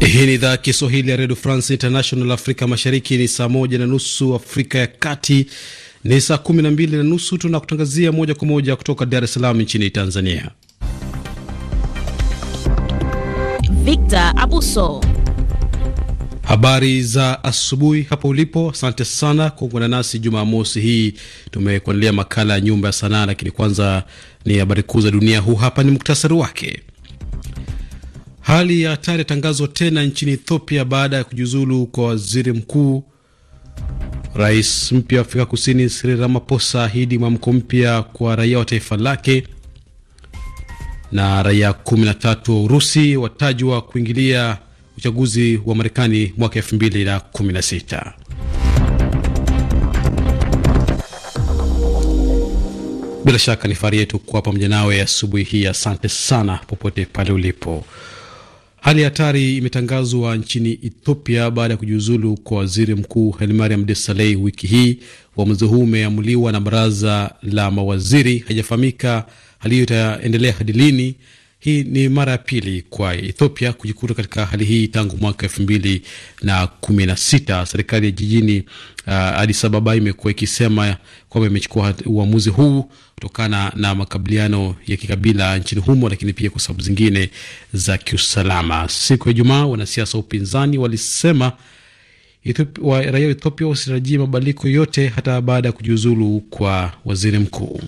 Hii ni idhaa Kiswahili ya redio France International. Afrika Mashariki ni saa moja na nusu, Afrika ya Kati ni saa kumi na mbili na nusu. Tunakutangazia moja kwa moja kutoka Dar es Salaam nchini Tanzania. Victor Abuso, habari za asubuhi hapo ulipo. Asante sana kwa kuungana nasi Jumamosi hii. Tumekuandalia makala ya nyumba ya sanaa, lakini kwanza ni habari kuu za dunia. Huu hapa ni muktasari wake. Hali ya hatari yatangazwa tena nchini Ethiopia baada ya kujiuzulu kwa waziri mkuu. Rais mpya wa Afrika Kusini Cyril Ramaphosa ahidi mwamko mpya kwa raia wa taifa lake. Na raia 13 wa Urusi watajwa kuingilia uchaguzi wa Marekani mwaka 2016. Bila shaka ni fahari yetu kuwa pamoja nawe asubuhi hii. Asante sana popote pale ulipo. Hali ya hatari imetangazwa nchini Ethiopia baada ya kujiuzulu kwa waziri mkuu Hailemariam Desalegn wiki hii. Uamuzi huu umeamuliwa na baraza la mawaziri. Haijafahamika hali hiyo itaendelea hadi lini. Hii ni mara ya pili kwa Ethiopia kujikuta katika hali hii tangu mwaka elfu mbili na kumi na sita. Serikali ya jijini uh, Addis Ababa imekuwa ikisema kwamba imechukua uamuzi huu kutokana na makabiliano ya kikabila nchini humo, lakini pia kwa sababu zingine za kiusalama. Siku ya Ijumaa, wanasiasa wa upinzani walisema raia wa Ethiopia wasitarajii mabadiliko yote hata baada ya kujiuzulu kwa waziri mkuu.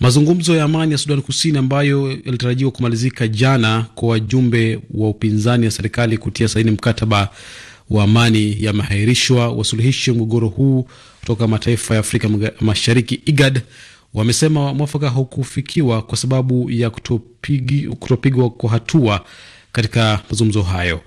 Mazungumzo ya amani ya Sudan Kusini ambayo yalitarajiwa kumalizika jana kwa wajumbe wa upinzani ya serikali kutia saini mkataba wa amani yamehairishwa. Wasuluhishi mgogoro huu kutoka mataifa ya Afrika Mashariki, IGAD, wamesema mwafaka haukufikiwa kwa sababu ya kutopigwa kwa hatua katika mazungumzo hayo.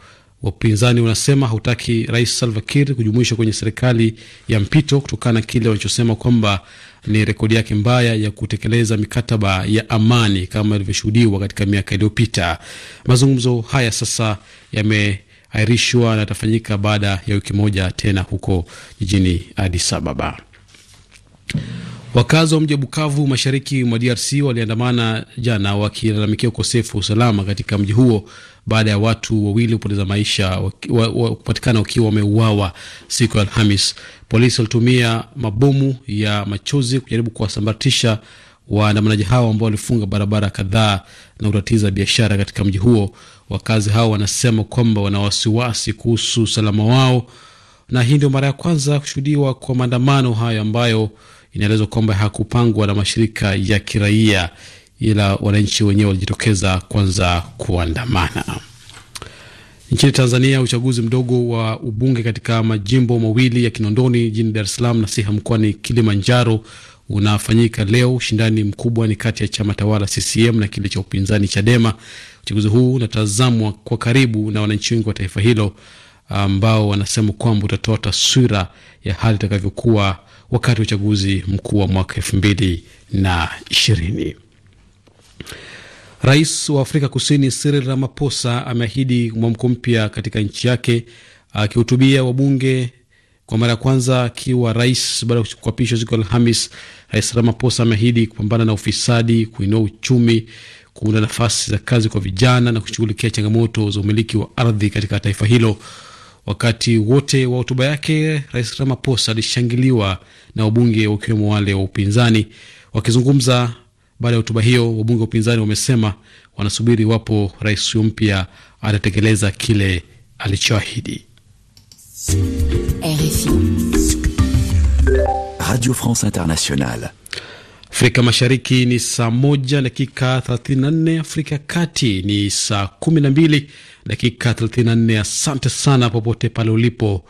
Wapinzani wanasema hautaki Rais Salva Kiir kujumuishwa kwenye serikali ya mpito kutokana na kile wanachosema kwamba ni rekodi yake mbaya ya kutekeleza mikataba ya amani kama ilivyoshuhudiwa katika miaka iliyopita. Mazungumzo haya sasa yameahirishwa na yatafanyika baada ya wiki moja tena huko jijini Addis Ababa. Wakazi wa mji wa Bukavu mashariki mwa DRC waliandamana jana wakilalamikia ukosefu wa usalama katika mji huo baada ya watu wawili kupoteza maisha kupatikana wakiwa wameuawa siku ya Alhamis. Polisi walitumia mabomu ya machozi kujaribu kuwasambaratisha waandamanaji hao ambao walifunga barabara kadhaa na kutatiza biashara katika mji huo. Wakazi hao wanasema kwamba wana wasiwasi kuhusu usalama wao, na hii ndio mara ya kwanza kushuhudiwa kwa maandamano hayo ambayo Inaelezwa kwamba hakupangwa na mashirika ya kiraia, ila wananchi wenyewe walijitokeza kwanza kuandamana. Nchini Tanzania, uchaguzi mdogo wa ubunge katika majimbo mawili ya Kinondoni jijini Dar es Salaam na Siha mkoani Kilimanjaro unafanyika leo. Ushindani mkubwa ni kati ya chama tawala CCM na kile cha upinzani Chadema. Uchaguzi huu unatazamwa kwa karibu na wananchi wengi wa taifa hilo ambao wanasema kwamba utatoa taswira ya hali itakavyokuwa wakati wa uchaguzi mkuu wa mwaka elfu mbili na ishirini. Rais wa Afrika Kusini Cyril Ramaphosa ameahidi mwamko mpya katika nchi yake akihutubia wabunge kwa mara ya kwanza akiwa rais baada ya kuapishwa siku Alhamis. Rais Ramaphosa ameahidi kupambana na ufisadi, kuinua uchumi, kuunda nafasi za kazi kwa vijana na kushughulikia changamoto za umiliki wa ardhi katika taifa hilo. Wakati wote wa hotuba yake, Rais Ramaphosa alishangiliwa na wabunge wakiwemo wale wa upinzani. Wakizungumza baada ya hotuba hiyo, wabunge wa upinzani wamesema wanasubiri iwapo rais huyo mpya atatekeleza kile alichoahidi. Radio France Internationale. Afrika Mashariki ni saa moja dakika 34, Afrika ya Kati ni saa 12 dakika 34. Asante sana popote pale ulipo.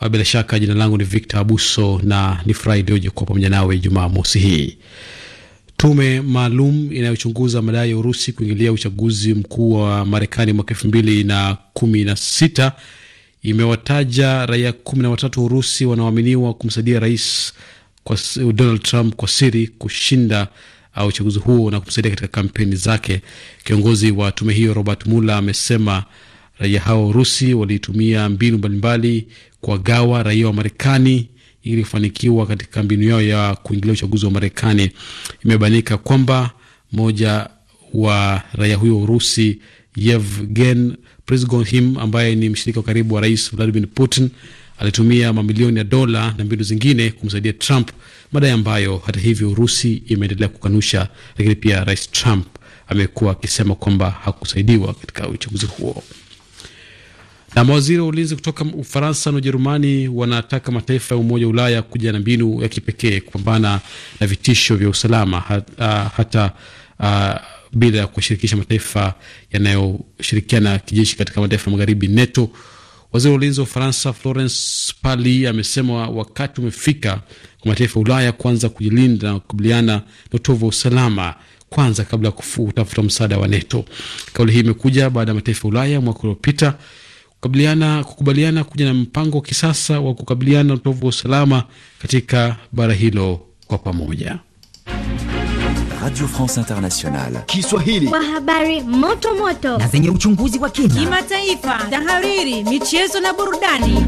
Ah, bila shaka jina langu ni Victor Abuso na ni furahi iliyoje kuwa pamoja nawe Jumamosi hii. Tume maalum inayochunguza madai ya Urusi kuingilia uchaguzi mkuu wa Marekani mwaka elfu mbili na kumi na sita imewataja raia kumi na watatu wa Urusi wanaoaminiwa kumsaidia rais kwa Donald Trump kwa siri kushinda uh, uchaguzi huo na kumsaidia katika kampeni zake. Kiongozi wa tume hiyo Robert Mueller amesema raia hao Urusi walitumia mbinu mbalimbali kuwagawa raia wa Marekani ili kufanikiwa katika mbinu yao ya kuingilia uchaguzi wa Marekani. Imebainika kwamba mmoja wa raia huyo wa Urusi Yevgen Prigozhin ambaye ni mshirika wa karibu wa rais Vladimir Putin alitumia mamilioni ya dola na mbinu zingine kumsaidia Trump, madai ambayo hata hivyo Urusi imeendelea kukanusha. Lakini pia Rais Trump amekuwa akisema kwamba hakusaidiwa katika uchaguzi huo. Na mawaziri wa ulinzi kutoka Ufaransa na Ujerumani wanataka mataifa ya Umoja wa Ulaya kuja na mbinu ya kipekee kupambana na vitisho vya usalama hata, hata uh, bila ya kushirikisha mataifa yanayoshirikiana kijeshi katika mataifa magharibi NETO. Waziri wa ulinzi wa Ufaransa Florence Pali amesema wakati umefika kwa mataifa ya Ulaya kuanza kujilinda na kukabiliana na utovu wa usalama kwanza kabla ya kutafuta msaada wa NATO. Kauli hii imekuja baada ya mataifa ya Ulaya mwaka uliopita kukubaliana kuja na mpango wa kisasa wa kukabiliana na utovu wa usalama katika bara hilo kwa pamoja. Radio France Internationale. Kiswahili. Kwa habari moto moto na zenye uchunguzi wa kina, kimataifa, tahariri, michezo na burudani.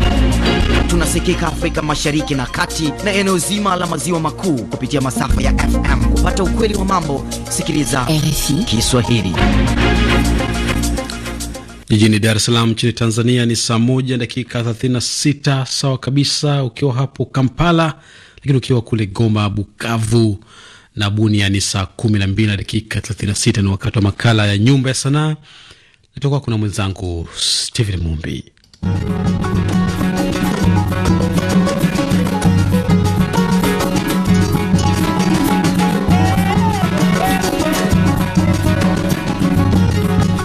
Tunasikika Afrika Mashariki na Kati na eneo zima la maziwa makuu kupitia masafa ya FM. Kupata ukweli wa mambo, sikiliza RFI Kiswahili. Jijini Dar es Salaam nchini Tanzania ni saa moja dakika 36, sawa kabisa ukiwa hapo Kampala, lakini ukiwa kule Goma, Bukavu na Bunia ni saa kumi na mbili na dakika 36. Ni wakati wa makala ya nyumba ya sanaa kutoka kuna mwenzangu Steven Mumbi.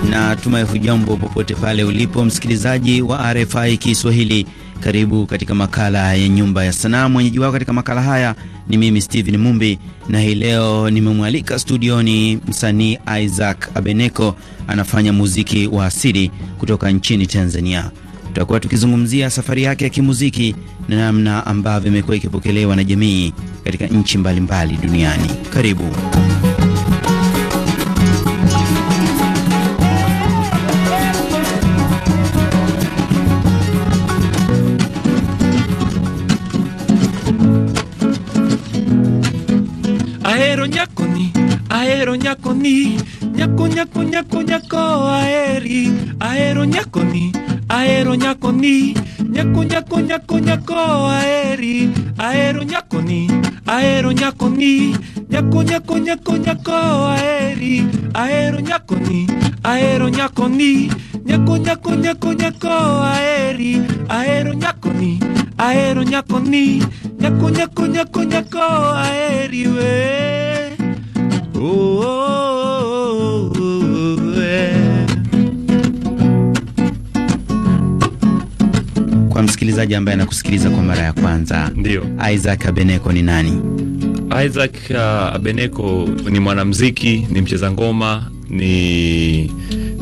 Natumai hujambo popote pale ulipo msikilizaji wa RFI Kiswahili. Karibu katika makala ya nyumba ya sanaa. Mwenyeji wako katika makala haya ni mimi Steven Mumbi, na hii leo nimemwalika studioni msanii Isaac Abeneko, anafanya muziki wa asili kutoka nchini Tanzania. Tutakuwa tukizungumzia safari yake ya kimuziki na namna ambavyo imekuwa ikipokelewa na jamii katika nchi mbalimbali duniani. Karibu. Aero ñakoni, aero ñakoni, ñako ñako ñako ñako aeri, aero ñakoni, aero ñakoni, ñako ñako ñako ñako aeri, aero ñakoni, aero ñakoni, ñako ñako ñako ñako aeri, aero ñakoni, aero ñakoni. Nyako, nyako, nyako, nyako, aeri, aero, nyako ni, aero, nyako ni, nyako, nyako, nyako, nyako, aeri, we. Oh, oh, oh, oh, eh. Kwa msikilizaji ambaye anakusikiliza kwa mara ya kwanza, ndio Isaac Abeneko ni nani? Isaac uh, Abeneko ni mwanamuziki, ni mcheza ngoma, ni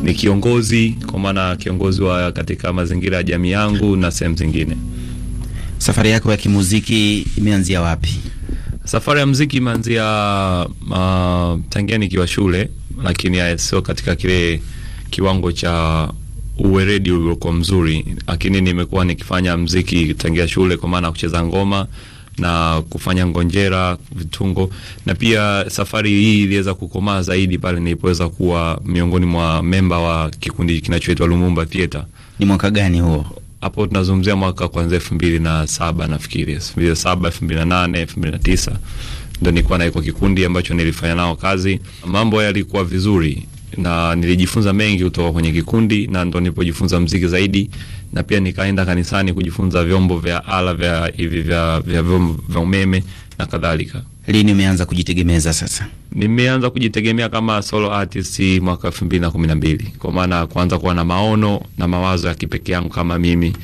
ni kiongozi, kwa maana kiongozi wa katika mazingira ya jamii yangu na sehemu zingine. Safari yako ya kimuziki imeanzia wapi? Safari ya muziki imeanzia uh, tangia nikiwa shule, lakini sio katika kile kiwango cha uweredi uliokuwa mzuri, lakini nimekuwa nikifanya muziki tangia shule, kwa maana kucheza ngoma na kufanya ngonjera, vitungo na pia safari hii iliweza kukomaa zaidi pale nilipoweza kuwa miongoni mwa memba wa kikundi kinachoitwa Lumumba Theater. Ni mwaka gani huo? Hapo tunazungumzia mwaka kuanzia elfu mbili na saba nafikiri, elfu mbili na saba elfu mbili na nane elfu mbili na tisa ndio nilikuwa na iko kikundi ambacho nilifanya nao kazi. Mambo yalikuwa vizuri na nilijifunza mengi kutoka kwenye kikundi, na ndo nilipojifunza mziki zaidi na pia nikaenda kanisani kujifunza vyombo vya ala vya hivi vya, vya vyombo vya umeme na kadhalika. Lini umeanza kujitegemeza sasa? Nimeanza kujitegemea kama solo artist mwaka 2012 kwa maana kuanza kuwa na maono na mawazo ya kipekee yangu kama mimi,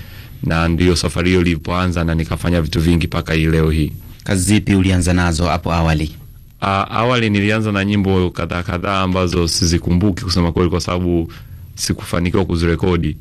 na ndiyo safari hiyo ilipoanza, na nikafanya vitu vingi mpaka hii leo hii. Kazi zipi ulianza nazo hapo awali? Uh, awali nilianza na nyimbo kadhaa kadhaa ambazo sizikumbuki kusema kweli, kwa sababu sikufanikiwa kuzirekodi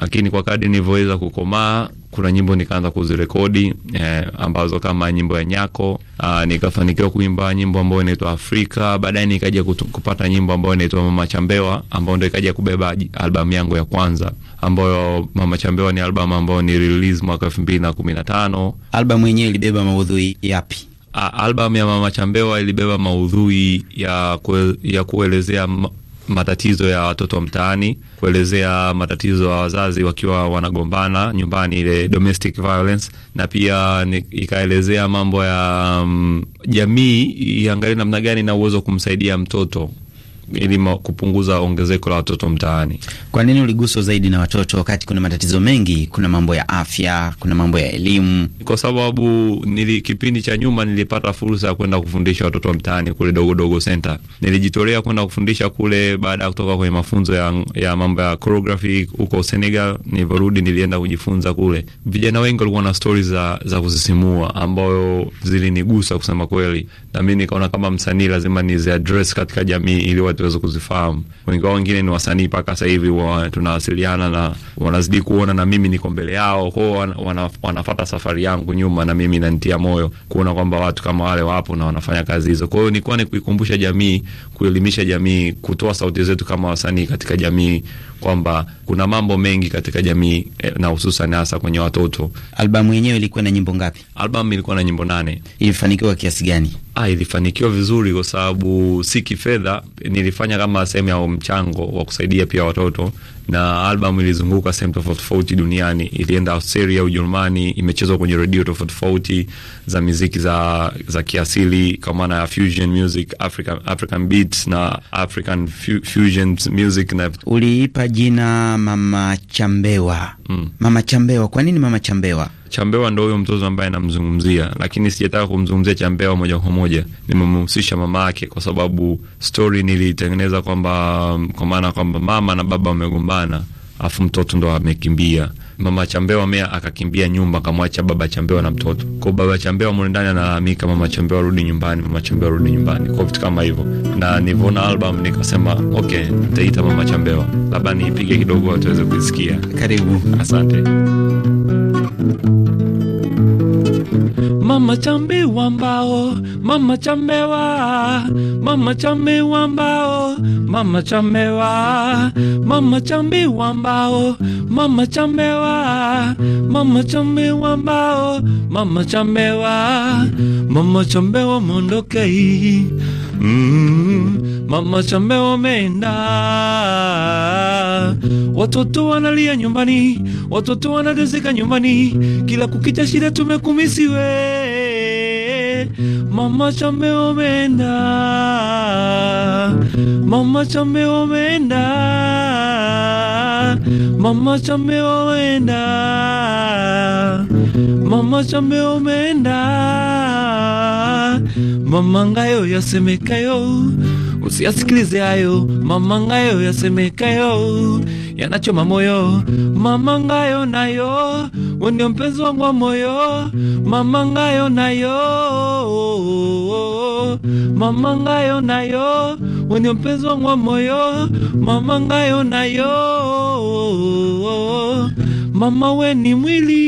lakini kwa kadi nilivyoweza kukomaa, kuna nyimbo nikaanza kuzirekodi eh, ambazo kama nyimbo ya Nyako. Aa, ah, nikafanikiwa kuimba nyimbo ambayo inaitwa Afrika. Baadaye nikaja kupata nyimbo ambayo inaitwa Mama Chambewa, ambayo ndo ikaja kubeba albamu yangu ya kwanza, ambayo Mama Chambewa ni albamu ambayo ni release mwaka elfu mbili na kumi na tano. Albamu yenyewe ilibeba maudhui yapi? Ah, albamu ya Mama Chambewa ilibeba maudhui ya, kue, ya kuelezea matatizo ya watoto mtaani, kuelezea matatizo ya wazazi wakiwa wanagombana nyumbani, ile domestic violence, na pia ikaelezea mambo ya um, jamii iangalie namna gani na uwezo wa kumsaidia mtoto ili kupunguza ongezeko la watoto mtaani. Kwa nini uliguswa zaidi na watoto wakati kuna matatizo mengi? Kuna mambo ya afya, kuna mambo ya elimu. Kwa sababu nili kipindi cha nyuma nilipata fursa ya kwenda kufundisha watoto mtaani kule dogo dogo Center. Nilijitolea kwenda kufundisha kule baada ya kutoka kwenye mafunzo ya, ya mambo ya choreography huko Senegal. Nilivyorudi nilienda kujifunza kule. Vijana wengi walikuwa na stories za, za kusisimua ambayo zilinigusa kusema kweli, na mimi nikaona kama msanii lazima nizi address katika jamii ili tuweze kuzifahamu. Wengi wao wengine ni wasanii mpaka sasa hivi tunawasiliana na wanazidi kuona na mimi niko mbele yao kwao, wana, wana, wanafata safari yangu nyuma, na mimi nanitia moyo kuona kwamba watu kama wale wapo na wanafanya kazi hizo. Kwa hiyo ni kuikumbusha jamii, kuelimisha jamii, kutoa sauti zetu kama wasanii katika jamii kwamba kuna mambo mengi katika jamii eh, na hususan hasa kwenye watoto. Albamu yenyewe ilikuwa na nyimbo ngapi? Albamu ilikuwa na nyimbo nane. Ilifanikiwa kiasi gani? Ah, ilifanikiwa vizuri kwa sababu si kifedha, nilifanya kama sehemu ya mchango wa kusaidia pia watoto na albamu ilizunguka sehemu tofauti tofauti duniani, ilienda Australia, Ujerumani, imechezwa kwenye redio tofauti tofauti za miziki za za kiasili kwa maana ya fusion music, African African beats na African fusion music. Na uliipa jina Mama Chambewa. Mm. Mama Chambewa, kwa nini Mama Chambewa? Chambewa ndo huyo mtoto ambaye namzungumzia, lakini sijataka kumzungumzia Chambewa moja kwa moja, nimemhusisha mama yake kwa sababu stori nilitengeneza kwamba kwa maana kwamba mama na baba wamegombana, afu mtoto ndo amekimbia mama Chambewa mea akakimbia nyumba akamwacha baba Chambewa na mtoto. Kwa baba Chambewa mule ndani analalamika, mama Chambewa rudi nyumbani, mama Chambewa rudi nyumbani, kwa vitu kama hivyo. Na nivona album nikasema ok, nitaita mama Chambewa, labda niipige kidogo watu kuisikia. Karibu, asante. Mama chambe wambao, mama chambe wa, mama chambe wambao, mama chambe mama chambe wambao, mama chambe mama chambe wambao, mama chambe wa, mama chambe wa Mm, mama shamba wameenda, watoto wanalia nyumbani, watoto wanadezeka nyumbani, kila kukicha shida tumekumisiwe Mama chame omenda Mama chame omenda Mama chame omenda Mama chame omenda Mama ngayo yasemekayo Usiyasikilize hayo mamangayo yasemekayo, yanachoma moyo mamangayo nayo, wendio mpenzi wangu wa moyo mamangayo nayo, mamangayo nayo, wendio mpenzi wangu wa moyo mamangayo nayo, mama we mwili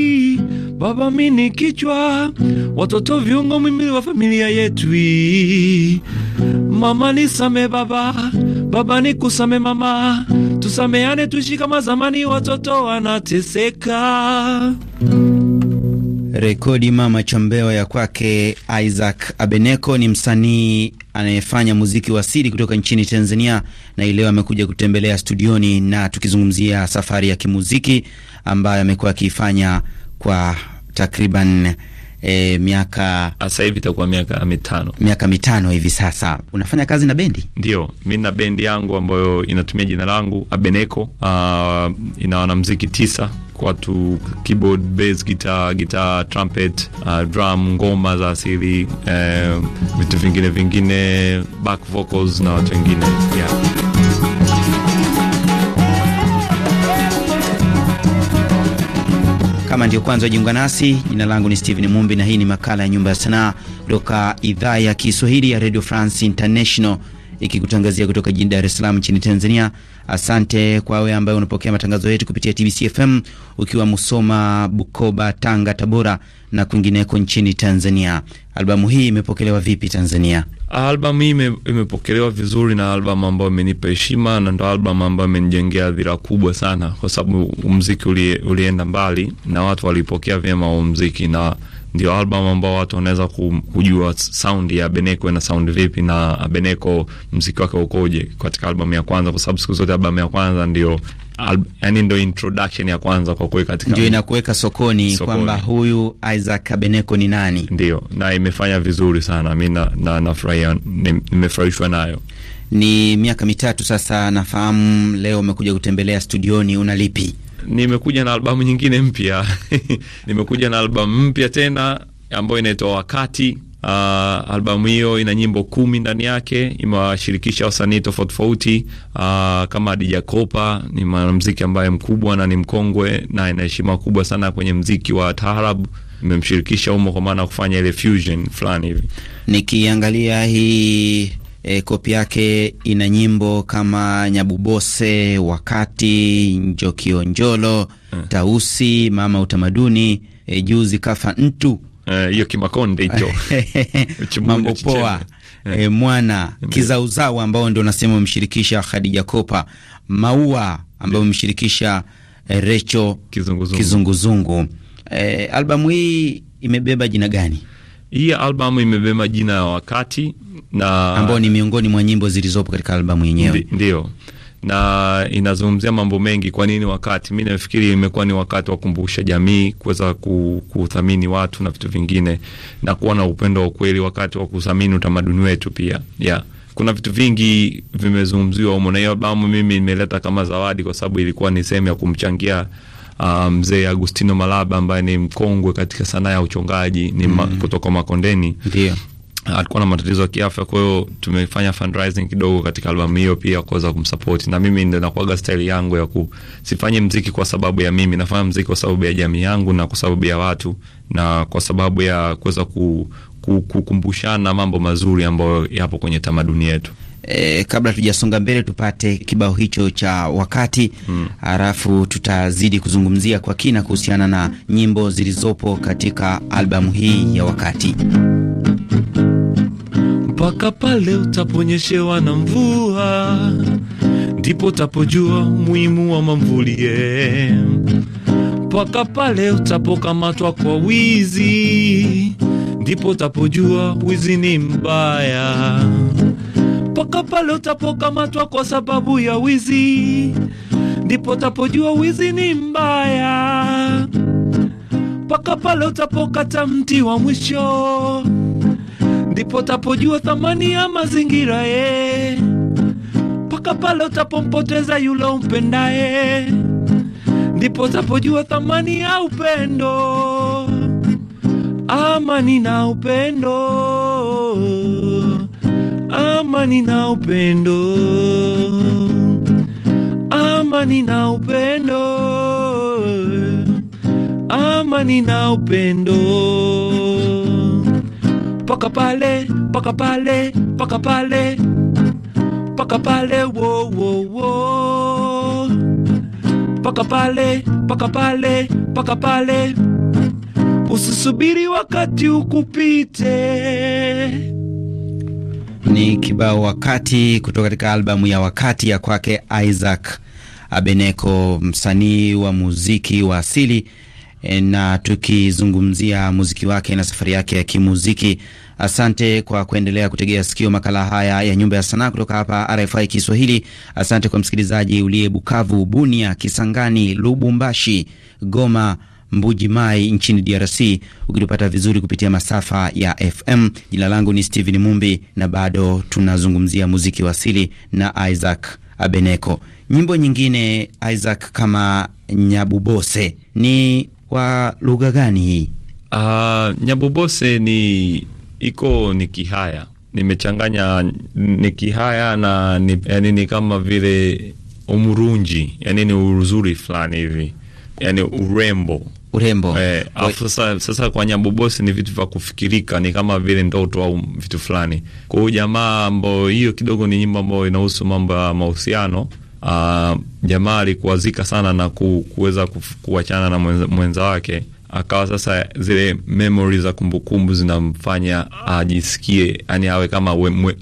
Baba mi ni kichwa, watoto viungo, mimi wa familia yetu. Mama ni same baba, baba ni kusame mama, tusameane tuishi kama zamani, watoto wanateseka. Rekodi mama chambeo ya kwake Isaac Abeneko ni msanii anayefanya muziki wa siri kutoka nchini Tanzania, na leo amekuja kutembelea studioni, na tukizungumzia safari ya kimuziki ambayo amekuwa akiifanya kwa takriban e, miaka ah, sasa hivi itakuwa miaka mitano, miaka mitano hivi sasa. Unafanya kazi na bendi? Ndio, mi na bendi yangu ambayo inatumia jina langu Abeneko. Uh, ina wanamuziki tisa watu keyboard, bass, guitar, guitar, trumpet, uh, drum, ngoma za asili, eh, vitu uh, vingine vingine, back vocals na watu wengine yeah. Kama ndio kwanza jiunga nasi, jina langu ni Steven Mumbi na hii ni makala ya Nyumba ya Sanaa kutoka idhaa ya Kiswahili ya Radio France International ikikutangazia kutoka jijini Dar es Salaam nchini Tanzania. Asante kwa wewe ambaye unapokea matangazo yetu kupitia TBC FM ukiwa Musoma, Bukoba, Tanga, Tabora na kwingineko nchini Tanzania. Albamu hii imepokelewa vipi Tanzania? Albamu hii imepokelewa vizuri na albamu ambayo imenipa heshima na ndo albamu ambayo imenijengea dhira kubwa sana, kwa sababu muziki ulienda mbali na watu walipokea vyema muziki na ndio album ambao watu wanaweza kujua sound ya Beneko na sound vipi na Beneko mziki wake ukoje katika album ya kwanza, kwa sababu siku zote album ya kwanza ndio yani ndio introduction ya kwanza kwa kuweka katika ndio inakuweka sokoni, sokoni, kwamba huyu Isaac Beneko ni nani, ndio na imefanya vizuri sana. Mi na nafurahia, nimefurahishwa nayo. Ni miaka mitatu sasa, nafahamu leo umekuja kutembelea studioni, una lipi? nimekuja na albamu nyingine mpya nimekuja na albamu mpya tena ambayo inaitwa Wakati. Uh, albamu hiyo ina nyimbo kumi ndani yake, imewashirikisha wasanii tofauti tofauti, uh, kama Adija Kopa ni mwanamziki ambaye mkubwa na ni mkongwe na ina heshima kubwa sana kwenye mziki wa taarab imemshirikisha humo, kwa maana ya kufanya ile fusion fulani hivi. Nikiangalia hii E, kopi yake ina nyimbo kama Nyabubose, Wakati, Njokionjolo, uh, hmm. Tausi, Mama Utamaduni, e, Juzi Kafa Ntu e, hiyo, uh, Kimakonde hicho mambo poa E, mwana Kizauzau ambao ndio nasema umemshirikisha Khadija Kopa, Maua ambao umemshirikisha e, Recho Kizunguzungu, Kizunguzungu. E, albamu hii imebeba jina gani? Hii albamu imebeba jina ya wakati na ambao ni miongoni mwa nyimbo zilizopo katika albamu yenyewe. ndi, Ndio. Na inazungumzia mambo mengi. Kwa nini wakati? Mimi nafikiri imekuwa ni wakati wa kukumbusha jamii kuweza kuthamini watu na vitu vingine na kuwa na upendo wa kweli, wakati wa kuthamini utamaduni wetu pia. Yeah. Kuna vitu vingi vimezungumziwa humo na hiyo albamu mimi nimeleta kama zawadi kwa sababu ilikuwa ni sehemu ya kumchangia Ah, mzee um, Agustino Malaba ambaye ni mkongwe katika sanaa ya uchongaji ni mm. ma, kutoka Makondeni ndio alikuwa na matatizo ya kiafya, kwa hiyo tumefanya fundraising kidogo katika albamu hiyo pia kuweza kumsupport. Na mimi ndio nakuaga style yangu ya ku, mziki kwa sababu ya mimi, nafanya mziki kwa sababu ya jamii yangu na kwa sababu ya watu na kwa sababu ya kuweza ku, ku, kukumbushana mambo mazuri ambayo yapo kwenye tamaduni yetu. E, kabla tujasonga mbele tupate kibao hicho cha wakati mm. Alafu tutazidi kuzungumzia kwa kina kuhusiana na nyimbo zilizopo katika albamu hii ya wakati, mpaka pale utaponyeshewa na mvua ndipo utapojua muhimu wa mamvulie, mpaka pale utapokamatwa kwa wizi ndipo utapojua wizi ni mbaya mpaka pale utapokamatwa kwa sababu ya wizi, ndipo utapojua wizi ni mbaya. Mpaka pale utapokata mti wa mwisho, ndipo utapojua thamani ya mazingira ye. Mpaka pale utapompoteza yule umpendaye, ndipo utapojua thamani ya upendo, amani na upendo amani na upendo, amani na upendo, amani na upendo, paka pale, paka pale, paka pale, paka pale, wo wo wo, paka pale, paka pale, paka pale, usisubiri wakati ukupite ni kibao wakati kutoka katika albamu ya wakati ya kwake Isaac Abeneko, msanii wa muziki wa asili. E, na tukizungumzia muziki wake na safari yake ya kimuziki. Asante kwa kuendelea kutegea sikio makala haya ya Nyumba ya Sanaa kutoka hapa RFI Kiswahili. Asante kwa msikilizaji uliye Bukavu, Bunia, Kisangani, Lubumbashi, Goma Mbuji Mai nchini DRC, ukitupata vizuri kupitia masafa ya FM. Jina langu ni Steven Mumbi na bado tunazungumzia muziki wa asili na Isaac Abeneko. Nyimbo nyingine Isaac, kama Nyabubose ni wa lugha gani hii? Uh, Nyabubose ni iko ni Kihaya, nimechanganya ni Kihaya na ni, yani ni kama vile umurunji, yani ni uzuri fulani hivi, yani urembo urembo eh, afu sasa sasa kwa Nyabobosi ni vitu vya kufikirika, ni kama vile ndoto au vitu fulani. Kwa hiyo jamaa ambao hiyo kidogo ni nyimbo ambayo inahusu mambo ya mahusiano. Uh, jamaa alikuwazika sana na ku, kuweza kuachana na mwenza, mwenza wake akawa sasa zile memori za kumbukumbu zinamfanya ajisikie, yani awe kama awe, mwe,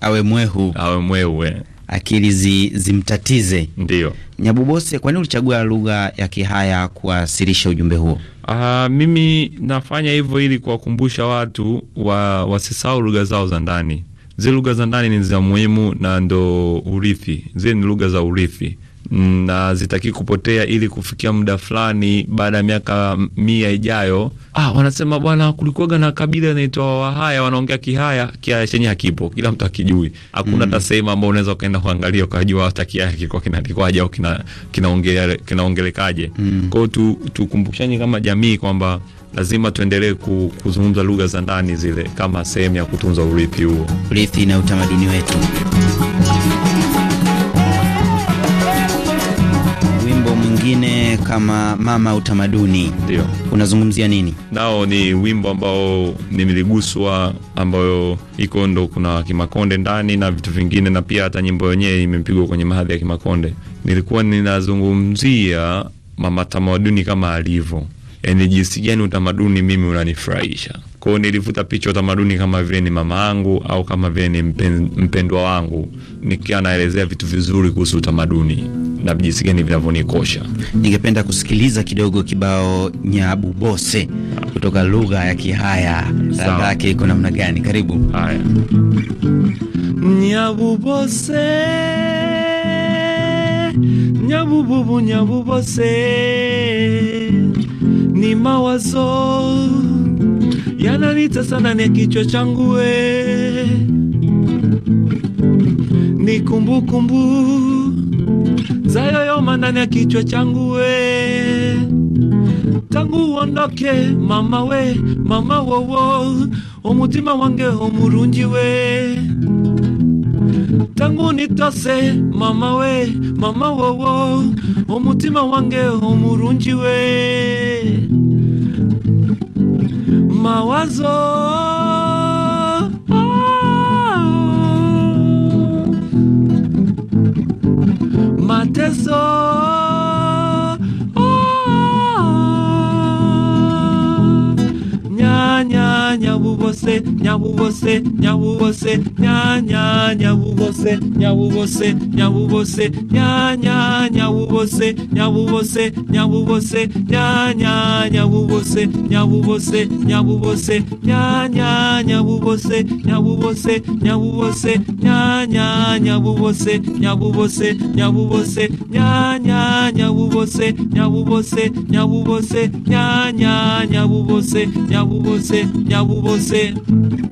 awe mwehu awe mwehu eh akili zi, zimtatize. Ndio. Nyabubose, kwa nini ulichagua lugha ya Kihaya kuwasilisha ujumbe huo? Aa, ah, mimi nafanya hivyo ili kuwakumbusha watu wa, wasisahau lugha zao za ndani. Zile lugha za ndani ni za muhimu na ndo urithi, zile ni lugha za urithi Mm, na zitaki kupotea ili kufikia muda fulani baada ya miaka mia ijayo. Ah, wanasema bwana, kulikuwaga na kabila inaitwa Wahaya, wanaongea Kihaya, Kihaya chenye hakipo, kila mtu akijui, hakuna mm. hata sehemu ambao unaweza ukaenda kuangalia ukajua hata Kihaya kilikuwa kinaandikwaje au kinaongelekaje kina kina mm. Kwao tu tukumbushanye kama jamii kwamba lazima tuendelee kuzungumza lugha za ndani zile kama sehemu ya kutunza urithi huo, urithi na utamaduni wetu. mwingine kama mama utamaduni, ndio unazungumzia nini? Nao ni wimbo ambao nimeliguswa, ambayo iko ndo kuna Kimakonde ndani na vitu vingine, na pia hata nyimbo yenyewe imepigwa kwenye mahadhi ya Kimakonde. Nilikuwa ninazungumzia mama tamaduni kama alivyo, yani jinsi gani utamaduni mimi unanifurahisha kwao nilivuta picha utamaduni kama vile ni mama angu au kama vile ni mpen, mpendwa wangu, nikiwa naelezea vitu vizuri kuhusu utamaduni na jinsi gani vinavyonikosha. Ningependa kusikiliza kidogo kibao Nyabu Bose kutoka lugha ya Kihaya, ladha yake iko namna gani? Karibu. Haya, Nyabu Bose, Nyabu bubu, Nyabu Bose ni mawazo yananitesa ndani ya kichwa changu we ni kumbukumbu zayoyoma ndani ya kichwa changu we tangu uondoke mama we mama wowo omutima wange omurungi we tangu nitose mama we mama wowo omutima wange omurungi we mawazo ah. mateso você, nhau você, nhau você, nha nha, nhau você, nhau você, nhau você, nha nha, nhau você, nhau você, nhau você, nha nha, nhau você, nhau você, nhau você, nha nha, nhau você, nhau você, nhau você, nha nha, nhau você, nhau você, nhau você, nha nha, nhau você, nhau você, nhau você, nha nha, nhau você, nhau você, nhau você mbele.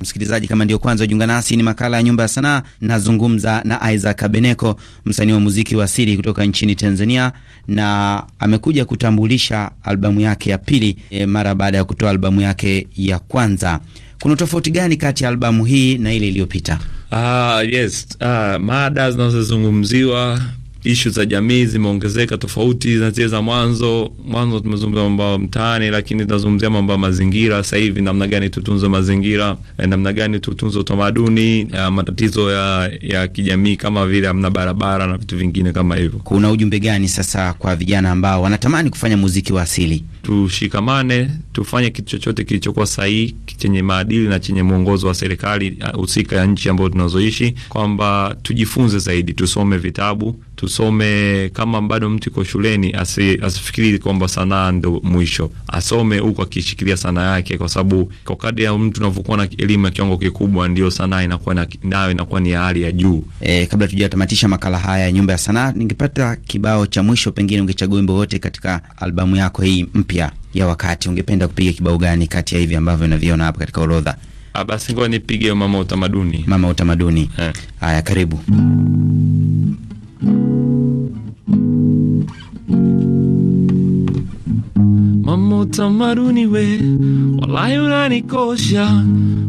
Msikilizaji, kama ndio kwanza ujiunga nasi, ni makala ya Nyumba ya Sanaa. Nazungumza na Isaac Abeneko, msanii wa muziki wa asili kutoka nchini Tanzania, na amekuja kutambulisha albamu yake ya pili e, mara baada ya kutoa albamu yake ya kwanza. Kuna tofauti gani kati ya albamu hii na ile iliyopita? Uh, yes. Uh, mada zinazozungumziwa ishu za jamii zimeongezeka, tofauti na zile za mwanzo. Mwanzo tumezungumza mambo ya mtaani, lakini tunazungumzia mambo ya mazingira sasa hivi, namna gani tutunze mazingira, eh, namna gani tutunze utamaduni, matatizo ya, ya kijamii kama vile hamna barabara na vitu vingine kama hivyo. Kuna ujumbe gani sasa kwa vijana ambao wanatamani kufanya muziki wa asili? tushikamane, tufanye kitu chochote kilichokuwa sahihi, chenye maadili na chenye mwongozo wa serikali uh, husika ya nchi ambayo tunazoishi, kwamba tujifunze zaidi, tusome vitabu, tusome. Kama bado mtu iko shuleni, asifikiri kwamba sanaa ndo mwisho, asome huku akishikilia sanaa yake, kwa sababu kwa kadri ya mtu unavyokuwa na elimu ya kiwango kikubwa, ndio sanaa inakuwa nayo inakuwa ni ya hali ya juu. E, kabla tujatamatisha makala haya ya nyumba ya sanaa, ningepata kibao cha mwisho, pengine ungechagua wimbo wote katika albamu yako hii mpya mapya ya wakati, ungependa kupiga kibao gani kati ya hivi ambavyo unaviona hapa katika orodha? Ah, basi ngoja nipige mama utamaduni. Mama utamaduni, eh. haya, karibu. Mama utamaduni, we walai unanikosha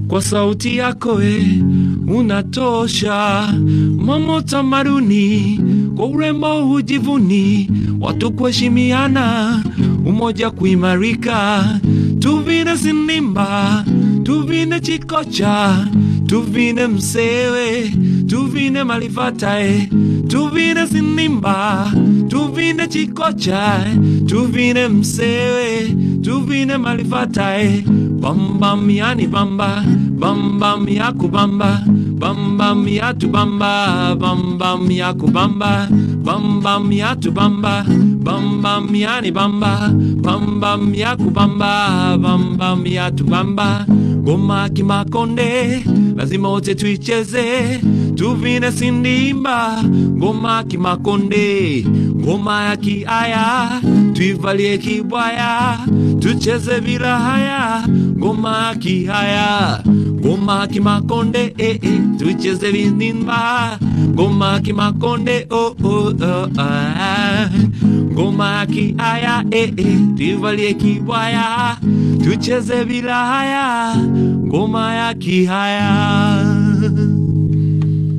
kwa sauti yako we unatosha. mamo tamaruni kwa urembo hujivuni, watu kuheshimiana, umoja kuimarika. Tuvine sinimba, tuvine chikocha, tuvine msewe, tuvine malifatae, tuvine sinimba, tuvine chikocha, tuvine msewe, tuvine malifatae bambam yani bamba bambam yaku bamba bambam yatu bamba bambam yaku bamba bambam yatu bamba bambam yani bamba bambam yaku bamba bambam yatu bamba ngoma kimakonde lazima wote tuicheze tuvine sindimba goma kimakonde goma ya kiaya tuivalie kibwaya tucheze bila haya, ngoma kihaya, ngoma kimakonde eh, eh, tucheze vinimba, ngoma kimakonde oh, oh, oh, ah. ngoma kihaya eh, eh, tuvalie kibaya, tucheze bila haya, ngoma ya kihaya.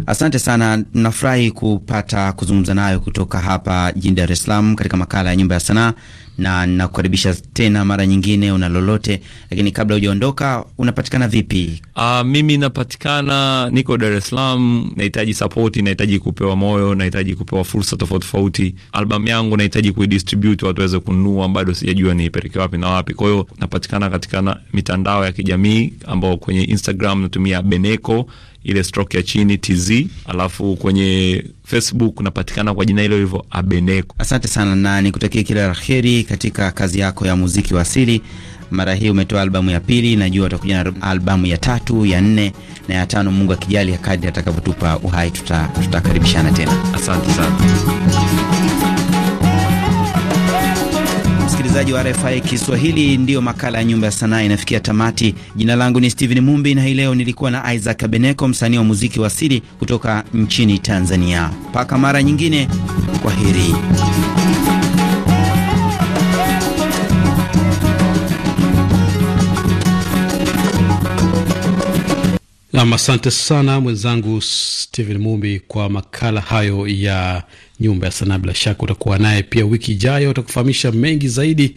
Asante sana, nafurahi kupata kuzungumza nayo kutoka hapa jijini Dar es Salaam katika makala ya Nyumba ya Sanaa na nakukaribisha tena mara nyingine, una lolote lakini kabla hujaondoka, unapatikana vipi? Uh, mimi napatikana, niko Dar es Salaam. Nahitaji sapoti, nahitaji kupewa moyo, nahitaji kupewa fursa tofauti tofauti. Albamu yangu nahitaji kuidistribute, watu waweze kununua, bado sijajua niipeleke wapi na wapi. Kwa hiyo napatikana katika mitandao ya kijamii ambao kwenye Instagram natumia Beneko ile stroke ya chini TZ, alafu kwenye Facebook unapatikana kwa jina hilo hivyo Abeneko. Asante sana na nikutakie kila laheri katika kazi yako ya muziki wa asili. Mara hii umetoa albamu ya pili, najua utakuja na albamu ya tatu, ya nne na ya tano, Mungu akijali, kadri atakavyotupa uhai, tutakaribishana tena. Asante sana msikilizaji wa RFI Kiswahili, ndiyo makala ya Nyumba ya Sanaa inafikia tamati. Jina langu ni Steven Mumbi na hii leo nilikuwa na Isaac Abeneko, msanii wa muziki wa asili kutoka nchini Tanzania. Mpaka mara nyingine, kwa heri. Nam, asante sana mwenzangu Steven Mumbi kwa makala hayo ya nyumba ya sanaa. Bila shaka utakuwa naye pia wiki ijayo, utakufahamisha mengi zaidi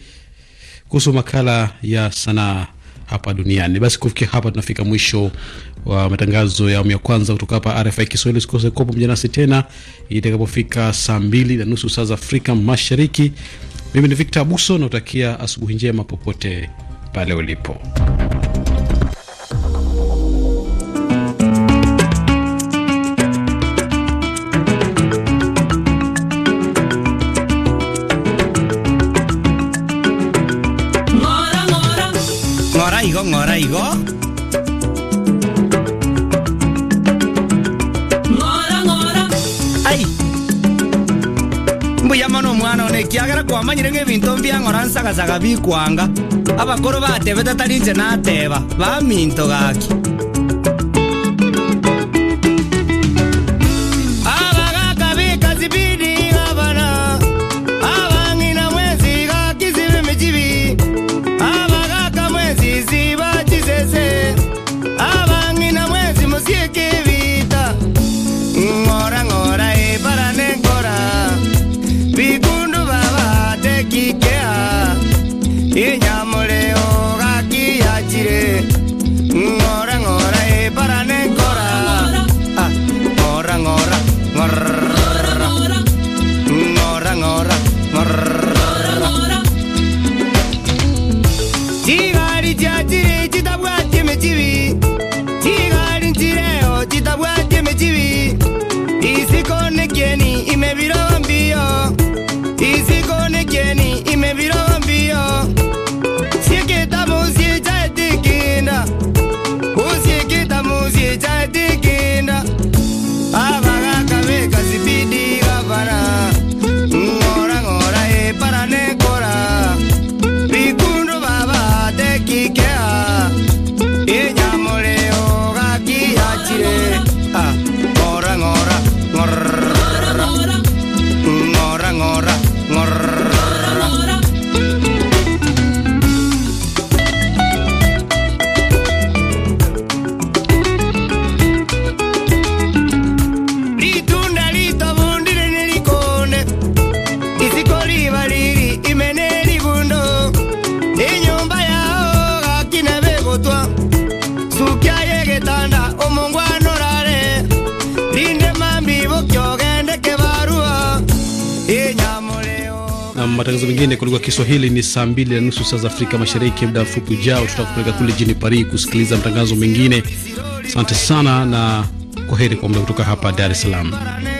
kuhusu makala ya sanaa hapa duniani. Basi kufikia hapa, tunafika mwisho wa matangazo ya awamu ya kwanza kutoka hapa RFI Kiswahili. Usikose kuwa pamoja nasi tena itakapofika saa mbili na nusu saa za Afrika Mashariki. Mimi ni Victor Abuso, nautakia asubuhi njema popote pale ulipo. wamanyire ng'ebinto mbyang'ora nsagasaga bikwanga abakoro batebete tari nje nateeba baminto gaki Y inyamũrĩ ũgakia njirĩ ng'ora ng'ora ĩbara nĩ ah, ngora ng'ora ng'ora ng'ora ng'ora ng'ora ng'ora tigari cia njirĩ citabwatie mĩcibi tigari Y si con y y me viro Kiswahili ni saa mbili na nusu saa za Afrika Mashariki. Muda mfupi ujao tutakupeleka kule jini Paris kusikiliza matangazo mengine. Asante sana na kwa heri kwa muda kutoka hapa Dar es Salaam.